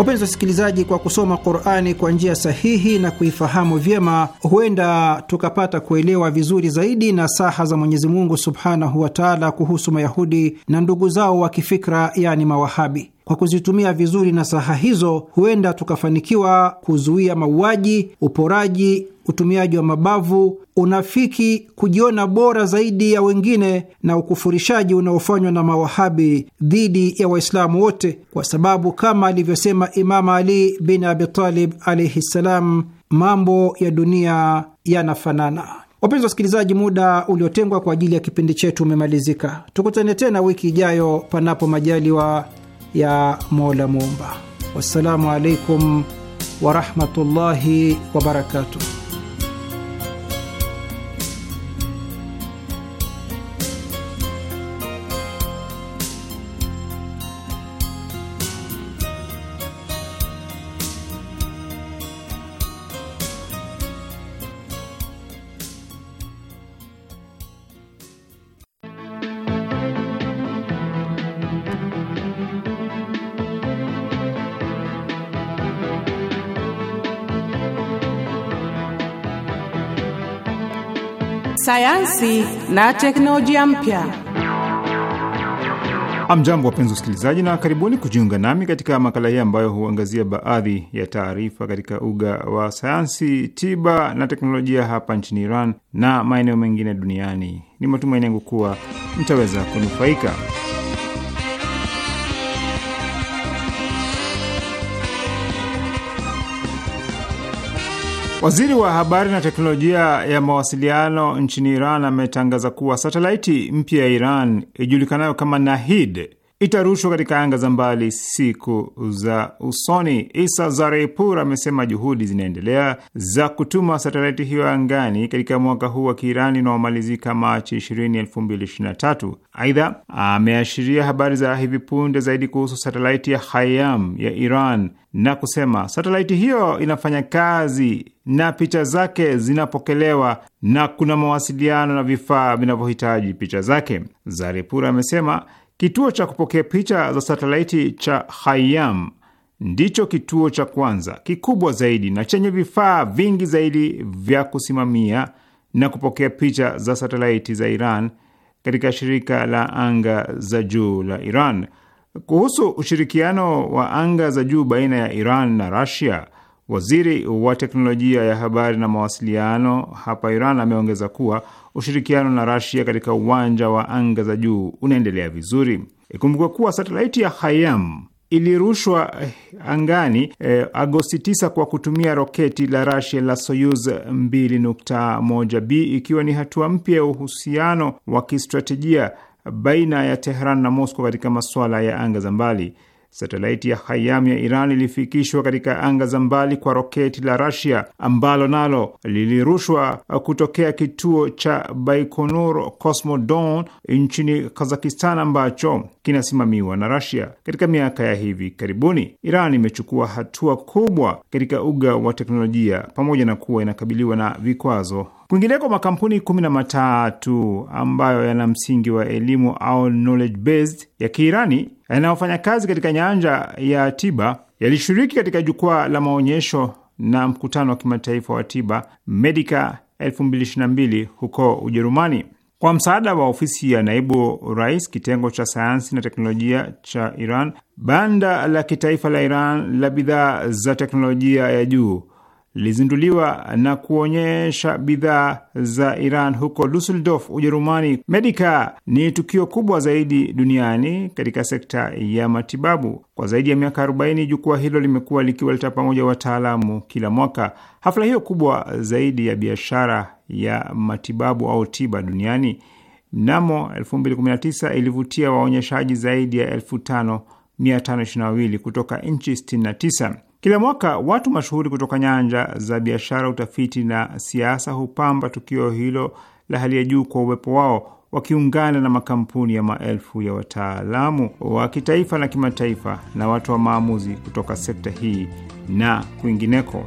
Wapenzi wasikilizaji, kwa kusoma Qurani kwa njia sahihi na kuifahamu vyema, huenda tukapata kuelewa vizuri zaidi na saha za Mwenyezi Mungu subhanahu wa taala kuhusu Mayahudi na ndugu zao wa kifikra, yani Mawahabi. Kwa kuzitumia vizuri nasaha hizo, huenda tukafanikiwa kuzuia mauaji, uporaji, utumiaji wa mabavu, unafiki, kujiona bora zaidi ya wengine na ukufurishaji unaofanywa na mawahabi dhidi ya Waislamu wote, kwa sababu kama alivyosema Imamu Ali bin Abi Talib alaihi ssalam, mambo ya dunia yanafanana. Wapenzi wasikilizaji, muda uliotengwa kwa ajili ya kipindi chetu umemalizika. Tukutane tena wiki ijayo, panapo majaliwa ya Mola Muumba. Wassalamu alaikum warahmatullahi wabarakatuh. sayansi na teknolojia mpya. Amjambo, wapenzi usikilizaji, na karibuni kujiunga nami katika makala hii ambayo huangazia baadhi ya taarifa katika uga wa sayansi, tiba na teknolojia hapa nchini Iran na maeneo mengine duniani. Ni matumaini yangu kuwa mtaweza kunufaika. Waziri wa habari na teknolojia ya mawasiliano nchini Iran ametangaza kuwa satelaiti mpya ya Iran ijulikanayo kama Nahid itarushwa katika anga za mbali siku za usoni. Isa Zarepour amesema juhudi zinaendelea za kutuma satelaiti hiyo angani katika mwaka huu wa Kiirani unaomalizika Machi 20, 2023. Aidha, ameashiria habari za hivi punde zaidi kuhusu satelaiti ya Hayam ya Iran na kusema satelaiti hiyo inafanya kazi na picha zake zinapokelewa na kuna mawasiliano na vifaa vinavyohitaji picha zake. Zaripura amesema Kituo cha kupokea picha za satelaiti cha Hayam ndicho kituo cha kwanza kikubwa zaidi na chenye vifaa vingi zaidi vya kusimamia na kupokea picha za satelaiti za Iran katika shirika la anga za juu la Iran. Kuhusu ushirikiano wa anga za juu baina ya Iran na rasia waziri wa teknolojia ya habari na mawasiliano hapa Iran ameongeza kuwa ushirikiano na Rasia katika uwanja wa anga za juu unaendelea vizuri. Ikumbukwe kuwa satelaiti ya Hayam ilirushwa eh, angani eh, Agosti 9 kwa kutumia roketi la Rasia la Soyuz 2.1b ikiwa ni hatua mpya ya uhusiano wa kistratejia baina ya Teheran na Moscow katika masuala ya anga za mbali. Satelaiti ya Hayam ya Iran ilifikishwa katika anga za mbali kwa roketi la Rasia ambalo nalo lilirushwa kutokea kituo cha Baikonur Cosmodrome nchini Kazakistan ambacho kinasimamiwa na Rasia. Katika miaka ya hivi karibuni, Iran imechukua hatua kubwa katika uga wa teknolojia pamoja na kuwa inakabiliwa na vikwazo Kwingineko, makampuni kumi na matatu ambayo yana msingi wa elimu au knowledge based ya Kiirani yanayofanya kazi katika nyanja ya tiba yalishiriki katika jukwaa la maonyesho na mkutano wa kimataifa wa tiba Medica 2022 huko Ujerumani kwa msaada wa ofisi ya naibu rais, kitengo cha sayansi na teknolojia cha Iran, banda la kitaifa la Iran la bidhaa za teknolojia ya juu lilizinduliwa na kuonyesha bidhaa za Iran huko Dusseldorf, Ujerumani. Medica ni tukio kubwa zaidi duniani katika sekta ya matibabu. Kwa zaidi ya miaka 40 jukwaa hilo limekuwa likiwaleta pamoja wataalamu kila mwaka. Hafla hiyo kubwa zaidi ya biashara ya matibabu au tiba duniani mnamo 2019 ilivutia waonyeshaji zaidi ya 5522 kutoka nchi 69. Kila mwaka watu mashuhuri kutoka nyanja za biashara, utafiti na siasa hupamba tukio hilo la hali ya juu kwa uwepo wao wakiungana na makampuni ya maelfu ya wataalamu wa kitaifa na kimataifa na watu wa maamuzi kutoka sekta hii na kwingineko.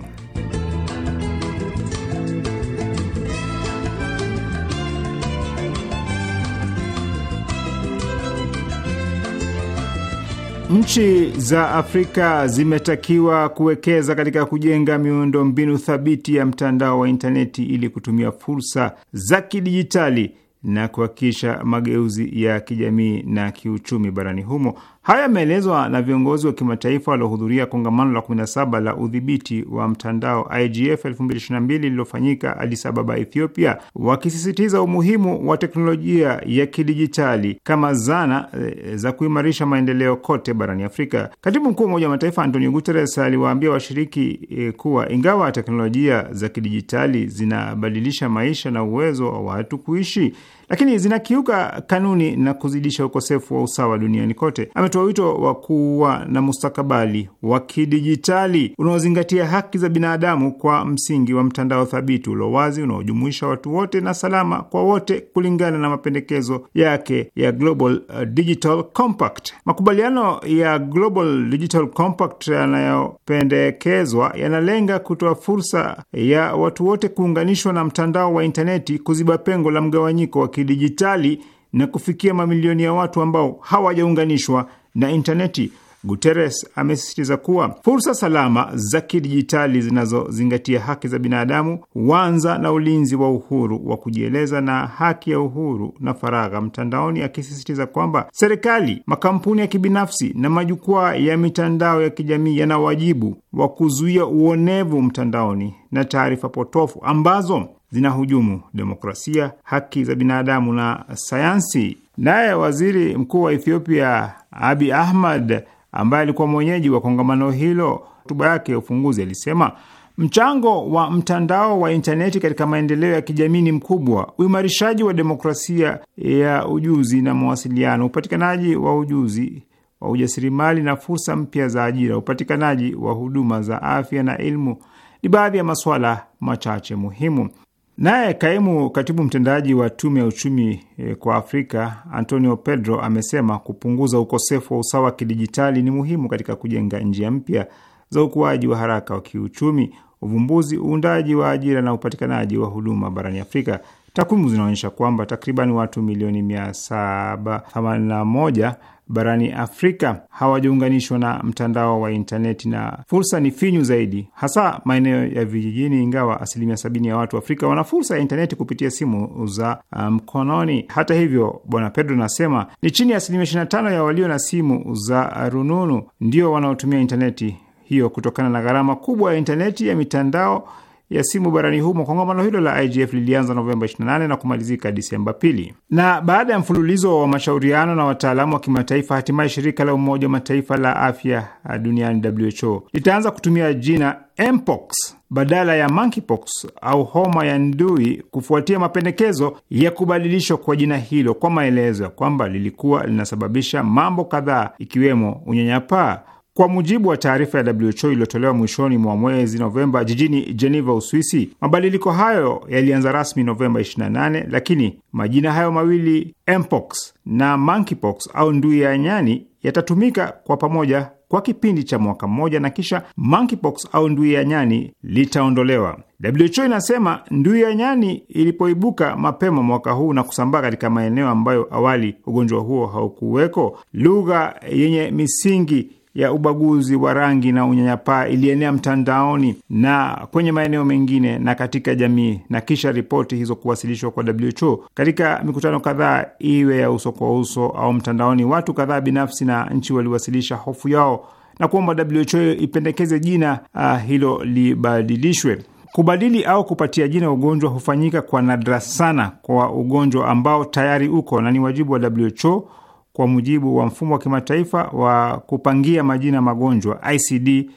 Nchi za Afrika zimetakiwa kuwekeza katika kujenga miundo mbinu thabiti ya mtandao wa intaneti ili kutumia fursa za kidijitali na kuhakikisha mageuzi ya kijamii na kiuchumi barani humo. Haya yameelezwa na viongozi wa kimataifa waliohudhuria kongamano la 17 la udhibiti wa mtandao IGF 2022 lililofanyika Addis Ababa, Ethiopia, wakisisitiza umuhimu wa teknolojia ya kidijitali kama zana eh, za kuimarisha maendeleo kote barani Afrika. Katibu mkuu wa Umoja wa Mataifa Antonio Guterres aliwaambia washiriki eh, kuwa ingawa teknolojia za kidijitali zinabadilisha maisha na uwezo wa watu kuishi lakini zinakiuka kanuni na kuzidisha ukosefu wa usawa duniani kote. Ametoa wito wa kuwa na mustakabali wa kidijitali unaozingatia haki za binadamu kwa msingi wa mtandao thabiti ulio wazi, unaojumuisha watu wote na salama kwa wote, kulingana na mapendekezo yake ya Global Digital Compact. Makubaliano ya Global Digital Compact yanayopendekezwa yanalenga kutoa fursa ya watu wote kuunganishwa na mtandao wa intaneti, kuziba pengo la mgawanyiko wa kidijitali na kufikia mamilioni ya watu ambao hawajaunganishwa na intaneti. Guterres amesisitiza kuwa fursa salama za kidijitali zinazozingatia haki za binadamu huanza na ulinzi wa uhuru wa kujieleza na haki ya uhuru na faragha mtandaoni, akisisitiza kwamba serikali, makampuni ya kibinafsi na majukwaa ya mitandao ya kijamii yana wajibu wa kuzuia uonevu mtandaoni na taarifa potofu ambazo zinahujumu demokrasia, haki za binadamu na sayansi. Naye waziri mkuu wa Ethiopia Abi Ahmed ambaye alikuwa mwenyeji wa kongamano hilo, hotuba yake ya ufunguzi alisema mchango wa mtandao wa intaneti katika maendeleo ya kijamii ni mkubwa: uimarishaji wa demokrasia ya ujuzi na mawasiliano, upatikanaji wa ujuzi wa ujasiriamali na fursa mpya za ajira, upatikanaji wa huduma za afya na elimu ni baadhi ya masuala machache muhimu. Naye kaimu katibu mtendaji wa tume ya uchumi eh, kwa Afrika Antonio Pedro amesema kupunguza ukosefu wa usawa wa kidijitali ni muhimu katika kujenga njia mpya za ukuaji wa haraka wa kiuchumi, uvumbuzi, uundaji wa ajira na upatikanaji wa huduma barani Afrika. Takwimu zinaonyesha kwamba takriban watu milioni 781 barani Afrika hawajaunganishwa na mtandao wa intaneti na fursa ni finyu zaidi, hasa maeneo ya vijijini, ingawa asilimia sabini ya watu wa Afrika wana fursa ya intaneti kupitia simu za uh, mkononi. Um, hata hivyo, Bwana Pedro anasema ni chini ya asilimia ishirini na tano ya walio na simu za rununu ndio wanaotumia intaneti hiyo kutokana na gharama kubwa ya intaneti ya mitandao ya simu barani humo. Kongamano hilo la IGF lilianza Novemba 28 na kumalizika Disemba 2. Na baada ya mfululizo wa mashauriano na wataalamu wa kimataifa, hatimaye shirika la Umoja wa Mataifa la afya duniani WHO litaanza kutumia jina mpox badala ya monkeypox au homa ya ndui kufuatia mapendekezo ya kubadilishwa kwa jina hilo kwa maelezo ya kwamba lilikuwa linasababisha mambo kadhaa ikiwemo unyanyapaa. Kwa mujibu wa taarifa ya WHO iliyotolewa mwishoni mwa mwezi Novemba jijini Geneva, Uswisi, mabadiliko hayo yalianza rasmi Novemba 28, lakini majina hayo mawili mpox na monkeypox au ndui ya nyani yatatumika kwa pamoja kwa kipindi cha mwaka mmoja na kisha monkeypox au ndui ya nyani litaondolewa. WHO inasema ndui ya nyani ilipoibuka mapema mwaka huu na kusambaa katika maeneo ambayo awali ugonjwa huo haukuweko, lugha yenye misingi ya ubaguzi wa rangi na unyanyapaa ilienea mtandaoni na kwenye maeneo mengine na katika jamii, na kisha ripoti hizo kuwasilishwa kwa WHO katika mikutano kadhaa, iwe ya uso kwa uso au mtandaoni. Watu kadhaa binafsi na nchi waliwasilisha hofu yao na kuomba WHO ipendekeze jina uh, hilo libadilishwe. Kubadili au kupatia jina ugonjwa hufanyika kwa nadra sana kwa ugonjwa ambao tayari uko na ni wajibu wa WHO kwa mujibu wa mfumo wa kimataifa wa kupangia majina magonjwa ICD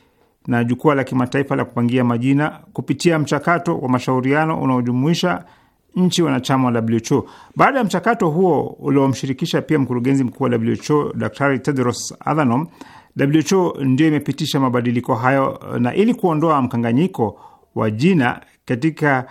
na jukwaa la kimataifa la kupangia majina kupitia mchakato wa mashauriano unaojumuisha nchi wanachama wa WHO. Baada ya mchakato huo uliomshirikisha pia mkurugenzi mkuu wa WHO Daktari Tedros Adhanom, WHO ndio imepitisha mabadiliko hayo, na ili kuondoa mkanganyiko wa jina katika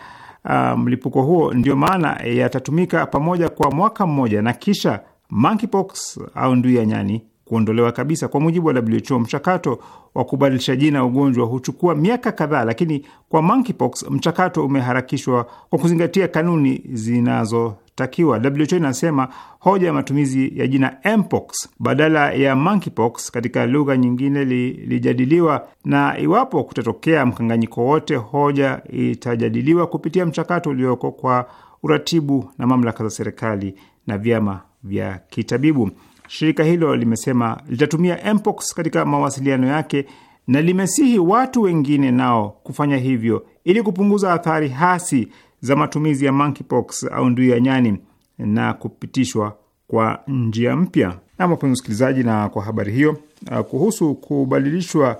uh, mlipuko um, huo, ndio maana yatatumika pamoja kwa mwaka mmoja na kisha monkeypox au ndui ya nyani kuondolewa kabisa. Kwa mujibu wa WHO, mchakato wa kubadilisha jina ugonjwa huchukua miaka kadhaa, lakini kwa monkeypox mchakato umeharakishwa kwa kuzingatia kanuni zinazotakiwa. WHO inasema hoja ya matumizi ya jina mpox badala ya monkeypox katika lugha nyingine lilijadiliwa, na iwapo kutatokea mkanganyiko wote, hoja itajadiliwa kupitia mchakato ulioko kwa uratibu na mamlaka za serikali na vyama vya kitabibu. Shirika hilo limesema litatumia mpox katika mawasiliano yake na limesihi watu wengine nao kufanya hivyo ili kupunguza athari hasi za matumizi ya monkeypox au ndui ya nyani na kupitishwa kwa njia mpya. Na wapenzi msikilizaji, na kwa habari hiyo uh, kuhusu kubadilishwa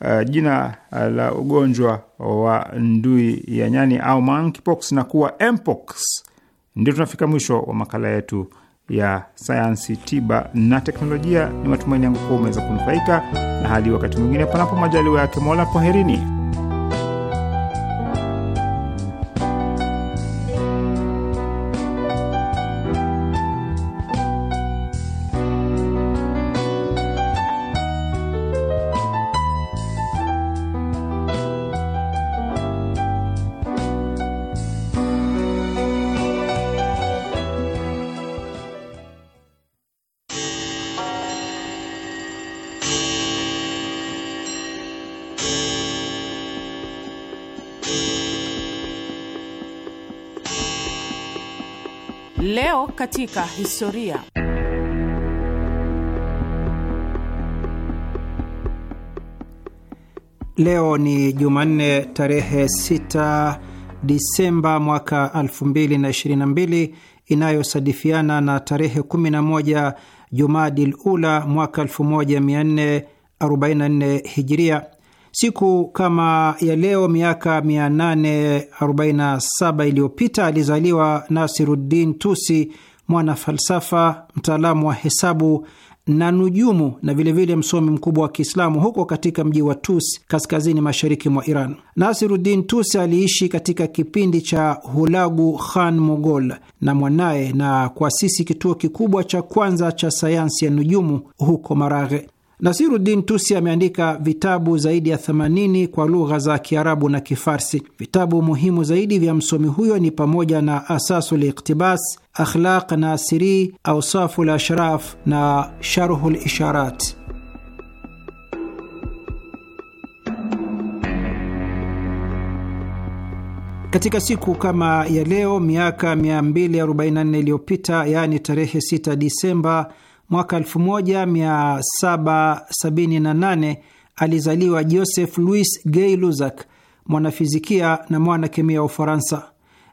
uh, jina uh, la ugonjwa wa ndui ya nyani au monkeypox na kuwa mpox, ndio tunafika mwisho wa makala yetu ya sayansi, tiba na teknolojia. Ni matumaini yangu kuwa umeweza kunufaika, na hadi wakati mwingine, panapo majaliwa yake Mola. Kwaherini. katika historia. Leo ni Jumanne tarehe 6 Disemba mwaka 2022 inayosadifiana na tarehe 11 Jumadil Ula mwaka 1444 Hijiria. Siku kama ya leo miaka 847 iliyopita alizaliwa Nasiruddin Tusi, mwana falsafa, mtaalamu wa hesabu na nujumu na vilevile msomi mkubwa wa Kiislamu huko katika mji wa Tus kaskazini mashariki mwa Iran. Nasiruddin tus aliishi katika kipindi cha Hulagu Khan Mogol na mwanaye na kuasisi kituo kikubwa cha kwanza cha sayansi ya nujumu huko Maraghe. Nasiruddin Tusi ameandika vitabu zaidi ya 80 kwa lugha za Kiarabu na Kifarsi. Vitabu muhimu zaidi vya msomi huyo ni pamoja na Asasu Liktibas, Akhlaq Nasiri, Ausafu Lashraf na Sharhu Lisharat. Katika siku kama ya leo miaka 244 iliyopita, yaani tarehe 6 Disemba Mwaka 1778 alizaliwa Joseph Louis Gay luzak mwanafizikia na mwana kemia wa Ufaransa.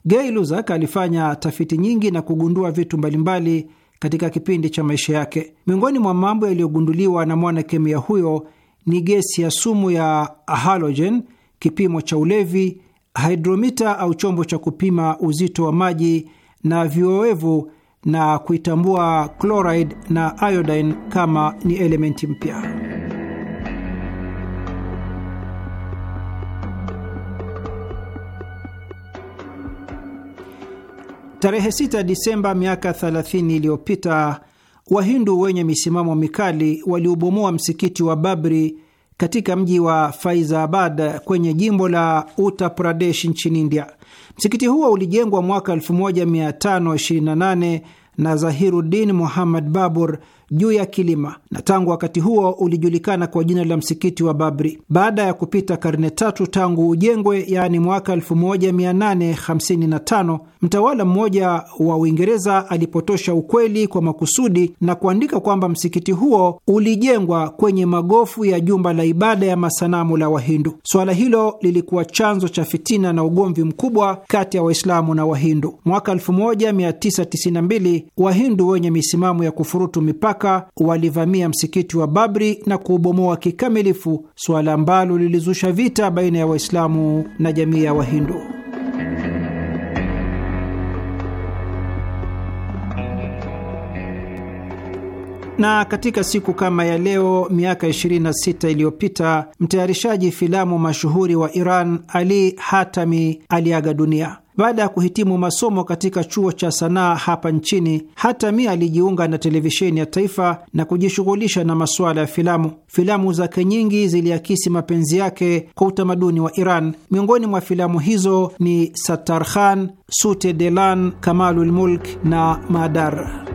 Gay luzak alifanya tafiti nyingi na kugundua vitu mbalimbali katika kipindi cha maisha yake. Miongoni mwa mambo yaliyogunduliwa na mwana kemia huyo ni gesi ya sumu ya halogen, kipimo cha ulevi, hidromita au chombo cha kupima uzito wa maji na vioevu na kuitambua chloride na iodine kama ni elementi mpya. Tarehe 6 Disemba miaka 30 iliyopita Wahindu wenye misimamo mikali waliubomoa msikiti wa Babri katika mji wa Faizabad kwenye jimbo la Uttar Pradesh nchini India. Msikiti huo ulijengwa mwaka 1528 na Zahiruddin Muhammad Babur juu ya kilima, na tangu wakati huo ulijulikana kwa jina la msikiti wa Babri. Baada ya kupita karne tatu tangu ujengwe, yaani mwaka 1855, mtawala mmoja wa Uingereza alipotosha ukweli kwa makusudi na kuandika kwamba msikiti huo ulijengwa kwenye magofu ya jumba la ibada ya masanamu la Wahindu. Suala hilo lilikuwa chanzo cha fitina na ugomvi mkubwa kati ya Waislamu na Wahindu. Mwaka 1992 Wahindu wenye misimamo ya kufurutu mipaka mpaka walivamia msikiti wa Babri na kuubomoa kikamilifu, suala ambalo lilizusha vita baina ya Waislamu na jamii ya Wahindu. Na katika siku kama ya leo miaka 26 iliyopita mtayarishaji filamu mashuhuri wa Iran Ali Hatami aliaga dunia. Baada ya kuhitimu masomo katika chuo cha sanaa hapa nchini, Hatami alijiunga na televisheni ya taifa na kujishughulisha na masuala ya filamu. Filamu zake nyingi ziliakisi mapenzi yake kwa utamaduni wa Iran. Miongoni mwa filamu hizo ni satarkhan Sute Delan, Kamalul Mulk na Madar.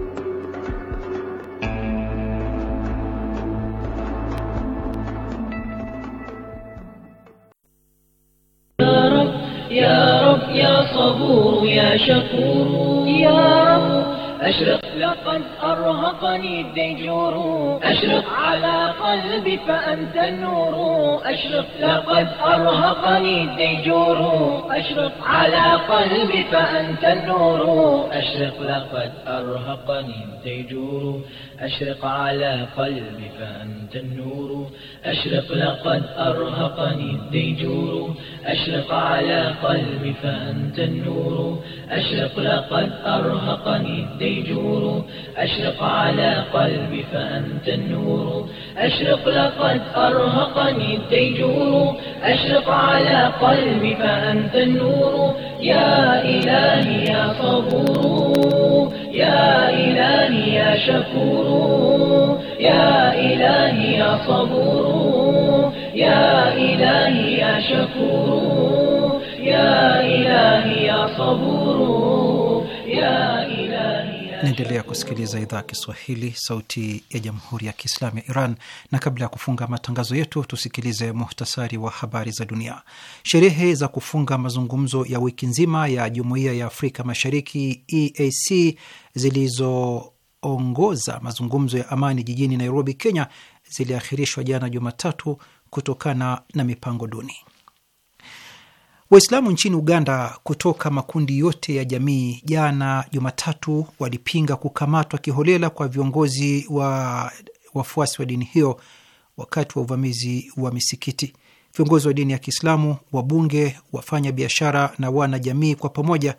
يا رب يا صبور يا شكور يا رب أشرق لقد أرهقني الديجور أشرق على قلبي فأنت النور أشرق لقد أرهقني الديجور أشرق على قلبي فأنت النور أشرق لقد أرهقني الديجور أشرق على قلبي فأنت النور أشرق لقد أرهقني الديجور أشرق على قلبي فأنت النور أشرق لقد أرهقني الديجور الفيجور أشرق على قلبي فأنت النور أشرق لقد أرهقني الديجور أشرق على قلبي فأنت النور يا إلهي يا صبور يا إلهي يا شكور يا إلهي يا صبور يا إلهي يا شكور يا إلهي يا صبور يا إلهي Naendelea kusikiliza idhaa ya Kiswahili, sauti ya jamhuri ya kiislamu ya Iran. Na kabla ya kufunga matangazo yetu, tusikilize muhtasari wa habari za dunia. Sherehe za kufunga mazungumzo ya wiki nzima ya jumuiya ya Afrika Mashariki, EAC, zilizoongoza mazungumzo ya amani jijini Nairobi, Kenya, ziliahirishwa jana Jumatatu kutokana na mipango duni. Waislamu nchini Uganda kutoka makundi yote ya jamii jana Jumatatu walipinga kukamatwa kiholela kwa viongozi wa wafuasi wa dini hiyo wakati wa uvamizi wa misikiti. Viongozi wa dini ya Kiislamu, wabunge, wafanya biashara na wanajamii kwa pamoja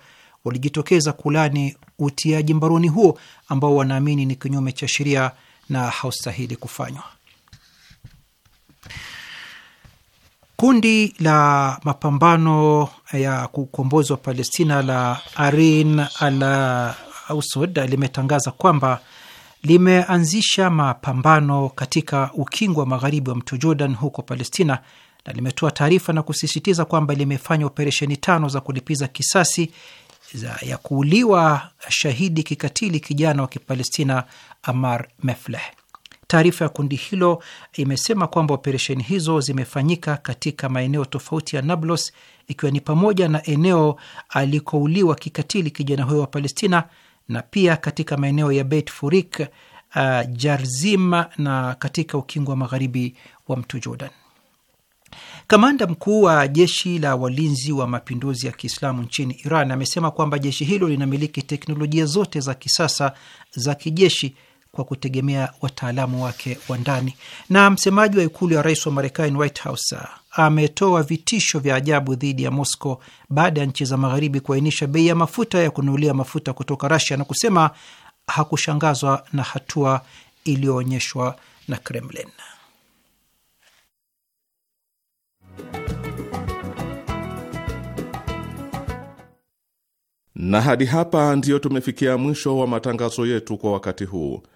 walijitokeza kulani utiaji mbaroni huo ambao wanaamini ni kinyume cha sheria na haustahili kufanywa. Kundi la mapambano ya wa Palestina la Arin al Ausud limetangaza kwamba limeanzisha mapambano katika ukingo wa magharibi wa mto Jordan huko Palestina, na limetoa taarifa na kusisitiza kwamba limefanya operesheni tano za kulipiza kisasi za ya kuuliwa shahidi kikatili kijana wa Kipalestina Amar Mefleh. Taarifa ya kundi hilo imesema kwamba operesheni hizo zimefanyika katika maeneo tofauti ya Nablus, ikiwa ni pamoja na eneo alikouliwa kikatili kijana huyo wa Palestina na pia katika maeneo ya Beit Furik, uh, Jarzim na katika ukingo wa magharibi wa mto Jordan. Kamanda mkuu wa jeshi la walinzi wa mapinduzi ya Kiislamu nchini Iran amesema kwamba jeshi hilo linamiliki teknolojia zote za kisasa za kijeshi kwa kutegemea wataalamu wake wa ndani. Na msemaji wa ikulu ya rais wa Marekani, White House, ametoa vitisho vya ajabu dhidi ya Moscow baada ya nchi za magharibi kuainisha bei ya mafuta ya kununulia mafuta kutoka rasia na kusema hakushangazwa na hatua iliyoonyeshwa na Kremlin. Na hadi hapa ndiyo tumefikia mwisho wa matangazo yetu kwa wakati huu.